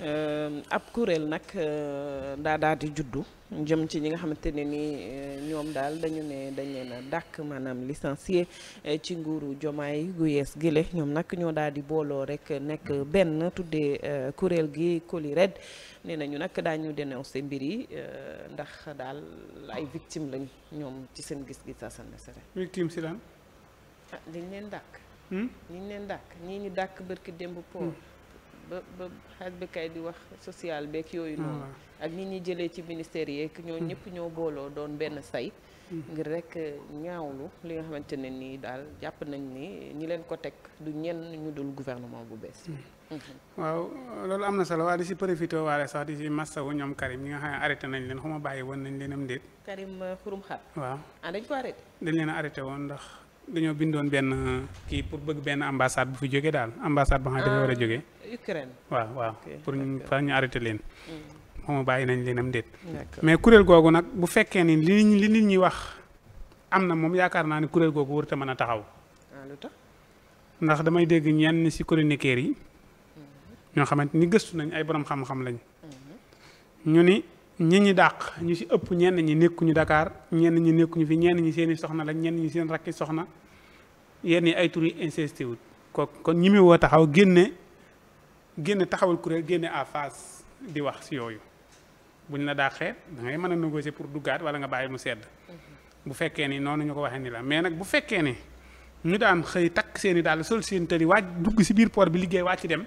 Ehm, ab kuréel nag eh, daa daal di juddu jëm ci ñi nga xamante ne ni eh, ñoom daal dañu ne dañ leen a dàkk maanaam licencié eh, ci nguuru jomaay gu yees gile ñoom nag ñoo daal di booloo rek nekk benn tuddee kuréel gi Coli Red nee nañu nag daañu dénoncé mbir yi ndax daal ay victime lañ ñoom ci seen gis-gis sa san sere victime si lan ah dañ leen dàkk ñi ñu leen dàkk ñii ñu dàkk bërki démb hmm. poor ba ba xaaj bi kay di wax social beeg yooyu ah. noonu ak nit ñi jëlee ci ministère yeeg ñoo hmm. ñëpp ñoo booloo doon benn say hmm. ngir rek eh, ñaawlu li nga xamante ne nii daal jàpp nañ ni ñi leen ko teg du ñenn ñu dul gouvernement bu bees hmm. waaw loolu am na solo waaye di si profité waale sax di si massawu ñoom Karim ñi nga xam ne nañ leen xuma bàyyi woon nañ leen am déet Karim eh, xurum xaat waaw ah dañ ko arrêté leen arrêté woon ndax dañoo bindoon benn uh, kii pour bëgg benn ambassade bu fi jógee daal ambassade ba nga xam ne dafa war a ah, jógee. Ukraine waaw waaw pour ñu fa ñu arrêté leen. Mm. moom bàyyi nañ leen am déet. mais kuréel googu nag bu fekkee ni li li nit ñi wax am na moom yaakaar naa ne kuréel googu warut a mën a taxaw. Ah, ndax damay dégg ñenn ci chroniqueurs yi. Mm-hmm. ñoo xamante ni gëstu nañ ay borom xam-xam lañ. Mm-hmm. ñu ni ñi ñi dàq ñu ci ëpp ñenn ñi nekkuñu Dakar ñenn ñi nekkuñu fi ñenn ñi seeni soxna lañ ñenn ñi seen rakki soxna yenn yi ay tur yu insisté wut ko kon ñi mi woo taxaw génne génne taxawal kuréel génne à face di wax si yooyu buñ la daa xeet da ngay mën a négocier pour duggaat wala nga bàyyi mu sedd bu fekkee ni noonu ñu ko waxee ni la mais nag bu fekkee ne ñu daan xëy takk seen i daal sol seen tëli waaj dugg si biir port bi liggéey wàcc dem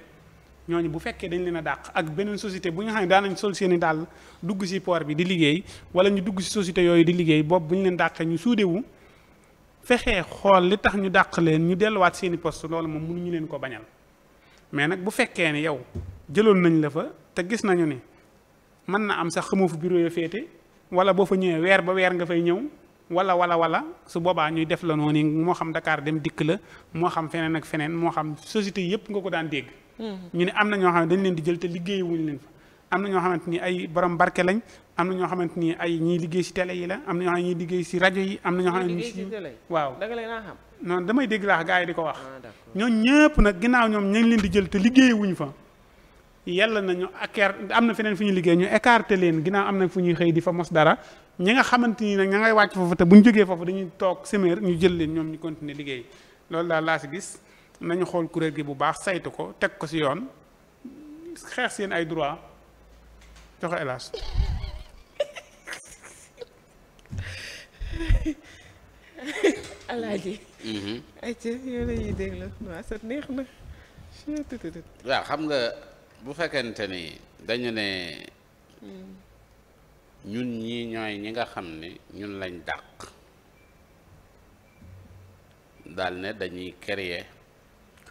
ñooñu bu fekkee dañ leen a dàq ak beneen société bu ñu xam ne daan nañ sol seeni daal dugg si port bi di liggéey wala ñ dugg si société yooyu di liggéey boobu bu ñu leen dàqee ñu suudewu fexee xool li tax ñu dàq leen ñu delluwaat seeni poste loolu moom ñu leen ko bañal mais nag bu fekkee ne yow jëloon nañu la fa te gis nañu ni mën na am sax xamoo fu bureau ya féete wala boo fa ñëwee weer ba weer nga fay ñëw wala wala wala su boobaa ñuy def la noonu moo xam Dakar dem dikk la moo xam feneen ak feneen moo xam société yëpp nga ko daan dégg. Mm-hmm. ñu ne am na ñoo xam ne dañ leen di jël te liggéey wuñ leen fa. am na ñoo xamante ni ay borom barke lañ am na ñoo xamante ni ay ñii liggéey si télé yi la am na ñoo xam ne liggéey si rajo yi am na ñoo xam ne si waaw non damay dégg laax gars yi di ko wax ah, ñoom ñëpp nag ginnaaw ñoom ña ngi leen di jël te liggéey wuñu fa yàlla na ñu écart am na feneen fu ñu liggéey ñu écarté leen ginnaaw am na fu ñuy xëy di fa mos dara ñi xamante ni nag ña ngay wàcc foofu te bu ñu jógee foofu dañuy toog seméer ñu jël leen ñoom ñu continuer liggéey loolu daal laa si gis nañu xool kuréel gi bu baax saytu ko teg ko si yoon xeex seen ay droit jox hélas alaaji mhm. acca yow la ñuy déglu waa sa neex na waaw xam nga bu fekkente ni dañu ne ñun ñi ñooy ñi nga xam ni ñun lañ dàq dal ne dañuy créer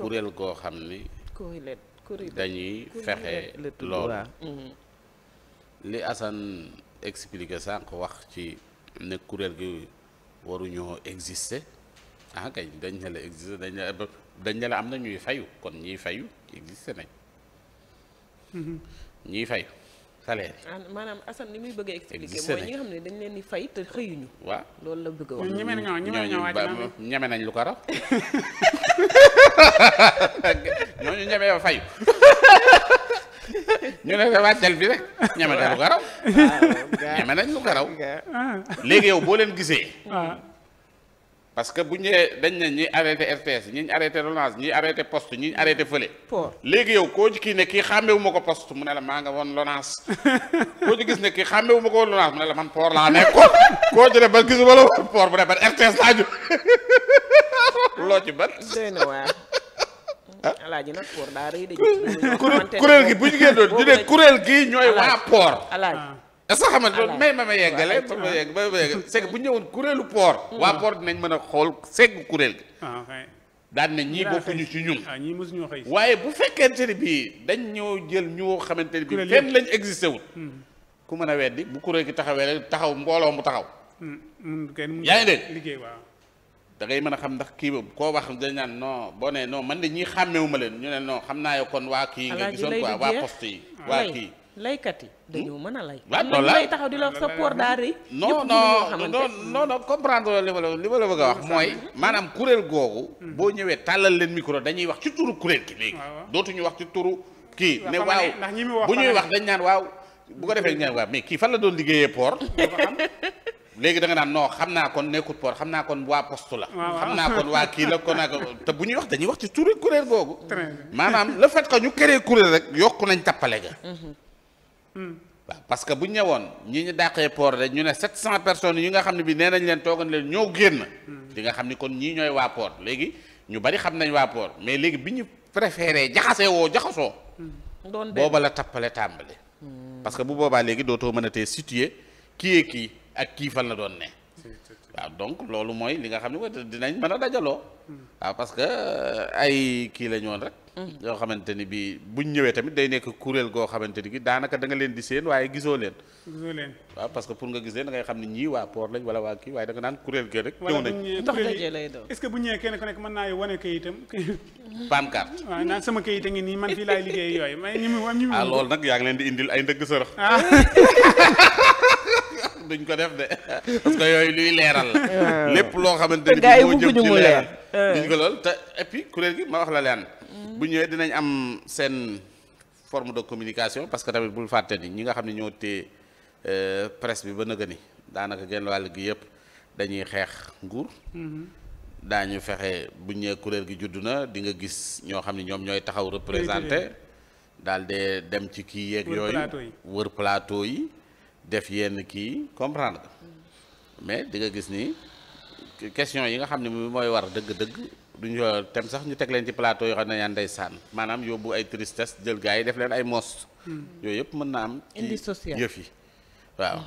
kuréel koo xam ni dañuy fexe loolu li Assane expliqué sànq wax ci ne kuréel gi waruñoo existe ah kay dañ ne la exister dañ ne am na ñuy fayu kon ñiy fayu exister nañ. Mhm. ñiy fayu salaire yi. Ah, maanaam Assane li muy bëgg a expliqué mooy ñi nga xam ne dañ leen di fay te xëyuñu. waaw loolu la bëgg a wax. ñeme nañoo ñeme nañ lu ko raw ñooñu ñeme fayu. ñu ne la wàccal bi rek ñeme na lu garaw. Ah, ñeme nañ lu garaw. léegi yow boo leen gisee. Ah. parce que bu ñu dañ ne ñi arrêté RTS ñi arrêté Lonase ñi arrêté poste ñi arrêté fële. léegi yow koo ci kii ne kii xàmmewu ma ko post mu ne la maa nga woon Lonase koo ci gis ne kii xàmmewu ma ko woon Lonase mu ne la man port laa nekk ko koo ci ne ba gisuma la port bu ne ba RTS laa jóg loo ci ba doy alaaji nag port daa rëy de. kuréel gi bu ñu génnoon ñu ne kuréel gi ñooy waa port. alaaji ah. est ce que xam nga may ma ma yeggale ma ma yegg ma yegg c'est bu ñëwoon kuréelu port. Hmm. waa port dinañ mën a xool segg kuréel gi. Ah, daan na ñii bokkuñu ci ñun. Ah, waaye bu fekkente ne bii dañ ñoo jël ñoo xamante ne bii fenn lañ existé wul. Hmm. ku mën a weddi bu kuréel gi taxawee taxaw mbooloo mu taxaw. Hmm. yaa ngi dégg da ngay mën a xam ndax kii boobu koo wax dañ naan noo boo nee non man de ñii xàmmewu ma leen ñu ne non xam naa yow kon waa kii nga gisoon quoi waa poste yi waa kii laykat yi dañoo mën a lay waaw loolu la lay taxaw di la wax sa poor daa rëy non non non non non comprendre li ma la li ma la bëgg a wax mooy mm-hmm. maanaam kuréel googu mm-hmm. boo ñëwee tàllal leen micro dañuy wax ci turu kuréel gi léegi ah, dootuñu wax ci turu kii ne waaw bu ñuy wax dañ naan waaw bu ko defee ñaan waaw mais kii fan la doon liggéeyee port léegi da nga naan non xam naa kon nekkut port xam naa kon waa poste la. xam naa kon waa kii la kon ak te bu ñuy wax dañuy wax ci turi kuréel googu. maanaam la fait que ñu créé kuréel rek yokku nañ tappale ga. Mhm. Hmm. parce que bu ñu ñëwoon ñi ñu dàqee port rek ñu ne 700 personnes yi nga xam ne bi nee nañ leen toogan leen ñoo génn. Hmm. di nga xam ni kon ñii ñooy waa port léegi ñu bari xam nañ waa port mais léegi bi ñu préféré jaxasee woo jaxasoo. Hmm. doon booba la tappale tàmbali. parce que bu boobaa léegi dootoo mën a tee situer kii kii. ak kii fan la doon ne. waaw donc loolu mooy li nga xam ne mooy dinañ mën a dajaloo. waaw parce que euh, ay kii la ñu woon rek. yoo xamante ni bii buñ ñëwee tamit day nekk kuréel goo xamante ni bii daanaka danga leen di seen waaye gisoo leen. leen waaw parce que pour nga gis leen da xam ne ñii waa port lañ wala waa kii waaye da nga naan kuréel gi rek. ñëw nañ ndox dajee lay doon est bu ñëwee kenn ku nekk mën naa wane kayitam. pancarte waaw naan sama kayit a ngi nii man fii laay liggéey yooyu ñi mu am ñi mu. Ah, yaa ngi leen di indil ay ndëgg sërëx ah. ko def de parce yooyu luy leeral la ah. lépp loo xamante ni bi moo jëm ci leeral duñ ko wax la leen mm. bu ñëwee dinañ am seen forme de communication parce que tamit bul fàtte ni ñi nga xam ne ñoo téye euh, presse bi ba nëgë ni daanaka genn wàll gi yëpp dañuy xeex nguur mm-hmm. daañu fexe bu ñëwee kuréel gi juddu na di nga gis ñoo xam ne ñoom ñooy taxaw représenté daal de dem ci kii yeeg yooyu wër plateau yi def yenn kii comprendre mais di nga gis ni question yi nga xam ne mooy war dëgg-dëgg duñu yo tem sax ñu teg leen ci plateau yoo xam ne ñaan ndeysaan maanaam yóbbu ay tristesse jël gaa yi def leen ay mos hmm. yooyu yëpp mën naa am ci yëf yi waaw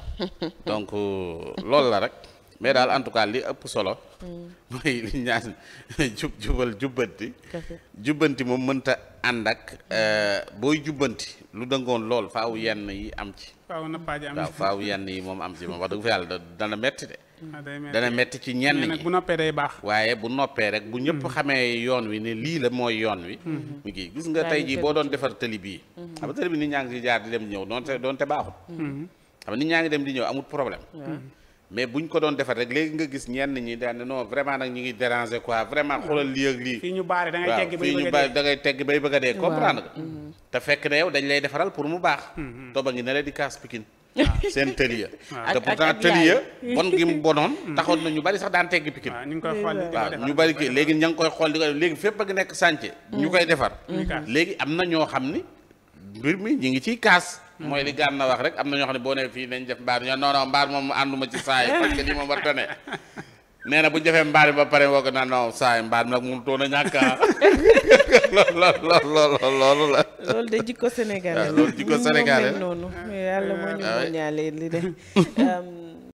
donc euh, loolu la rek mais daal en tout cas li ëpp solo. mooy li ñaan jub jubal jubbanti. jubbanti moom mënta ànd ak euh, booy jubbanti lu dëngoon lool faaw yenn yi am ci. faaw nappaaj aw ci yenn yi moom am ci moom wax dëgg fi yàlla dana metti de. Ah, dana metti ci ñenn ñi noppee day baax. waaye bu noppee rek bu ñëpp mm-hmm. xamee yoon wi ni lii la mooy yoon wi. Mm-hmm. ngi gis nga tey jii boo doon defar tëli bii. Mm-hmm. xam nit ñaa ngi jaar di dem ñëw doonte doonte baaxul. xam nit ñaa ngi dem di ñëw amut problème. mais buñ ko doon defar rek léegi nga gis ñenn ñi daan non vraiment nag ñu ngi déranger quoi vraiment xoolal lii ak lii. fii ñu baar da ngay teggi bay bëgg a dee fii ñu bay bëgg a dee. te fekk na yow dañ lay defaral pour mu baax. Mm-hmm. toba ngi ne la di kaas pikin. seen tëliya te pourtant tëliya bon gi mu bonoon na ñu bari sax daan teggi pikin waaw ñu bari kii léegi ña ngi koy xool di ko léegi fépp a ngi nekk sànce ñu mm-hmm. koy defar mm-hmm. léegi am na ñoo xam ni mbir mi ñu ngi ciy kaas mooy li gaan na wax rek am na ñoo xam ne boo ne fii nañ def mbaar ñoo non non ànduma ci saa parce que lii moom war tane nee na bu ñu defee mbaar ba pare woo ko naan non saa yi mbaar mi nag mun toon a ñàkk a loolu loolu loolu la. loolu de jikko Sénégalais. loolu jikko Sénégalais yàlla moo ñu ah, ñaale li de.